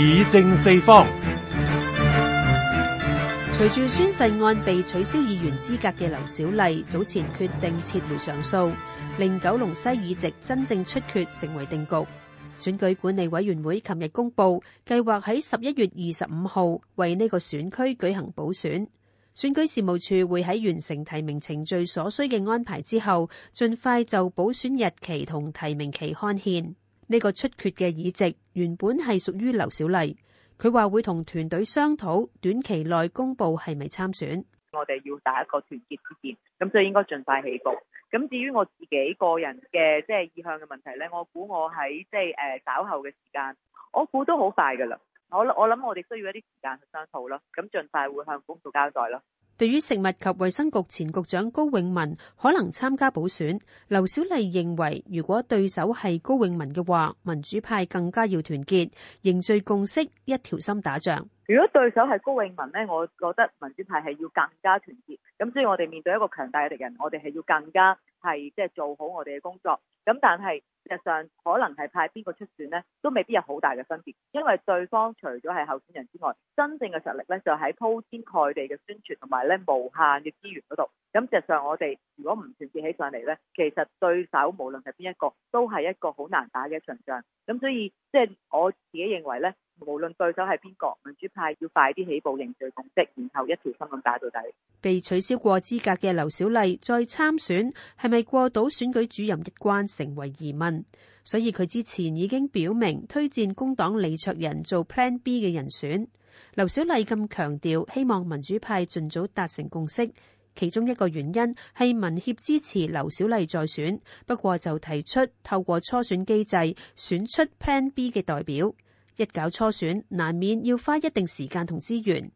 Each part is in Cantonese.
議政四方。隨住宣誓案被取消議員資格嘅劉小麗早前決定撤回上訴，令九龍西議席真正出缺成為定局。選舉管理委員會琴日公布，計劃喺十一月二十五號為呢個選區舉行補選。選舉事務處會喺完成提名程序所需嘅安排之後，盡快就補選日期同提名期刊憲。呢個出缺嘅議席原本係屬於劉小麗，佢話會同團隊商討，短期內公佈係咪參選。我哋要打一個團結之戰，咁所以應該盡快起步。咁至於我自己個人嘅即係意向嘅問題咧，我估我喺即係誒稍後嘅時間，我估都好快噶啦。我我諗我哋需要一啲時間去商討咯，咁盡快會向公眾交代咯。對於食物及衛生局前局長高永文可能參加補選，劉小麗認為如果對手係高永文嘅話，民主派更加要團結，凝聚共識，一條心打仗。如果對手係高永文呢，我覺得民主派係要更加團結。咁所以我哋面對一個強大嘅敵人，我哋係要更加係即係做好我哋嘅工作。咁但係。實際上可能係派邊個出選呢，都未必有好大嘅分別，因為對方除咗係候選人之外，真正嘅實力呢，就喺鋪天蓋地嘅宣傳同埋呢無限嘅資源嗰度。咁實際上我哋如果唔團結起上嚟呢，其實對手無論係邊一個都係一個好難打嘅場仗。咁所以即係、就是、我自己認為呢。無論對手係邊個，民主派要快啲起步，凝聚共識，然後一條心咁打到底。被取消過資格嘅劉小麗再參選係咪過到選舉主任一關，成為疑問。所以佢之前已經表明推薦工黨李卓人做 Plan B 嘅人選。劉小麗咁強調，希望民主派盡早達成共識。其中一個原因係民協支持劉小麗再選，不過就提出透過初選機制選出 Plan B 嘅代表。一搞初選，難免要花一定時間同資源。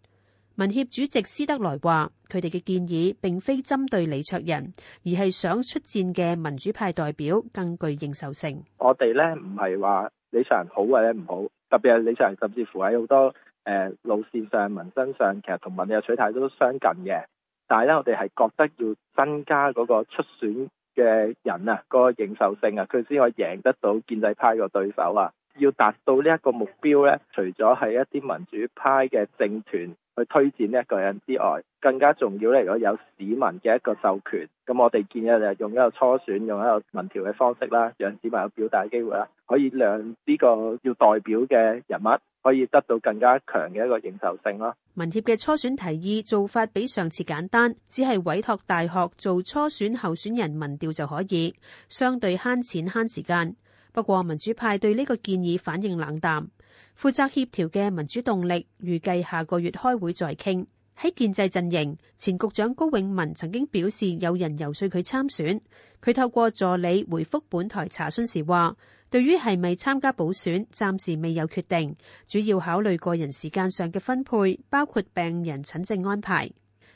民協主席施德來話，佢哋嘅建議並非針對李卓人，而係想出戰嘅民主派代表更具認受性。我哋咧唔係話李卓人好或者唔好，特別係李卓人甚至乎喺好多誒、呃、路線上、民生上，其實同文業取態都相近嘅。但係咧，我哋係覺得要增加嗰個出選嘅人啊，嗰、那個認受性啊，佢先可以贏得到建制派個對手啊。要達到呢一個目標咧，除咗係一啲民主派嘅政團去推薦呢一個人之外，更加重要咧，如果有市民嘅一個授權，咁我哋建議就用一個初選，用一個民調嘅方式啦，讓市民有表達嘅機會啦，可以讓呢個要代表嘅人物可以得到更加強嘅一個認受性咯。民協嘅初選提議做法比上次簡單，只係委託大學做初選候選人民調就可以，相對慳錢慳時間。不過民主派對呢個建議反應冷淡，負責協調嘅民主動力預計下個月開會再傾。喺建制陣營，前局長高永文曾經表示有人游說佢參選，佢透過助理回覆本台查詢時話：對於係咪參加補選，暫時未有決定，主要考慮個人時間上嘅分配，包括病人診症安排。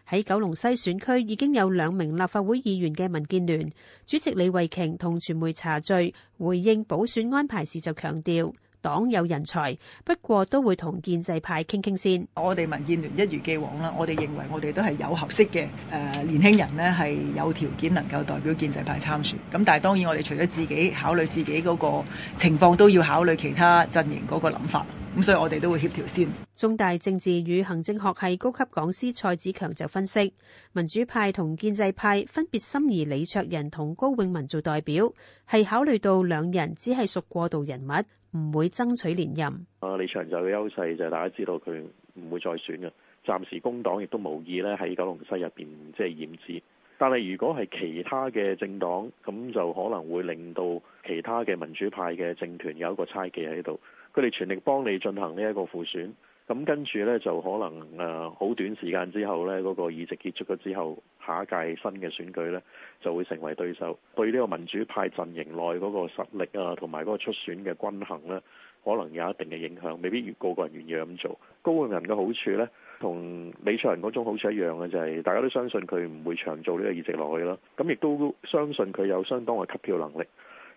喺九龍西選區已經有兩名立法會議員嘅民建聯主席李慧瓊同傳媒茶敘回應補選安排時就強調，黨有人才，不過都會同建制派傾傾先。我哋民建聯一如既往啦，我哋認為我哋都係有合適嘅誒年輕人呢，係有條件能夠代表建制派參選。咁但係當然我哋除咗自己考慮自己嗰個情況，都要考慮其他陣營嗰個諗法。咁所以我哋都會協調先。中大政治與行政學系高級講師蔡子強就分析，民主派同建制派分別心儀李卓人同高永文做代表，係考慮到兩人只係屬過渡人物，唔會爭取連任。啊，李卓人就嘅優勢就係大家知道佢唔會再選嘅，暫時工黨亦都無意咧喺九龍西入邊即係染指。但係如果係其他嘅政黨，咁就可能會令到其他嘅民主派嘅政團有一個猜忌喺度。佢哋全力幫你進行呢一個補選，咁跟住呢，就可能誒好、呃、短時間之後呢，嗰、嗰個議席結束咗之後，下一屆新嘅選舉呢，就會成為對手，對呢個民主派陣營內嗰個實力啊，同埋嗰個出選嘅均衡呢，可能有一定嘅影響，未必如個個人願意咁做。高永文嘅好處呢，同李卓人嗰種好處一樣嘅，就係、是、大家都相信佢唔會長做呢個議席落去咯。咁亦都相信佢有相當嘅吸票能力，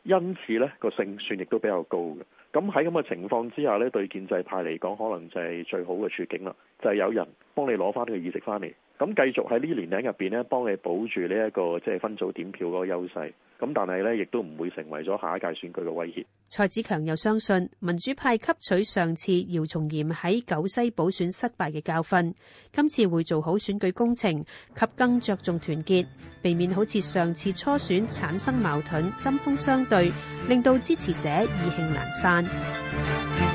因此呢個勝算亦都比較高嘅。咁喺咁嘅情況之下呢，對建制派嚟講，可能就係最好嘅處境啦，就係、是、有人幫你攞翻呢個議席翻嚟。咁繼續喺呢年齡入邊咧，幫你保住呢一個即係分組點票嗰個優勢。咁但係咧，亦都唔會成為咗下一屆選舉嘅威脅。蔡子強又相信民主派吸取上次姚松炎喺九西補選失敗嘅教訓，今次會做好選舉工程，及更着重團結，避免好似上次初選產生矛盾、針鋒相對，令到支持者意興闌珊。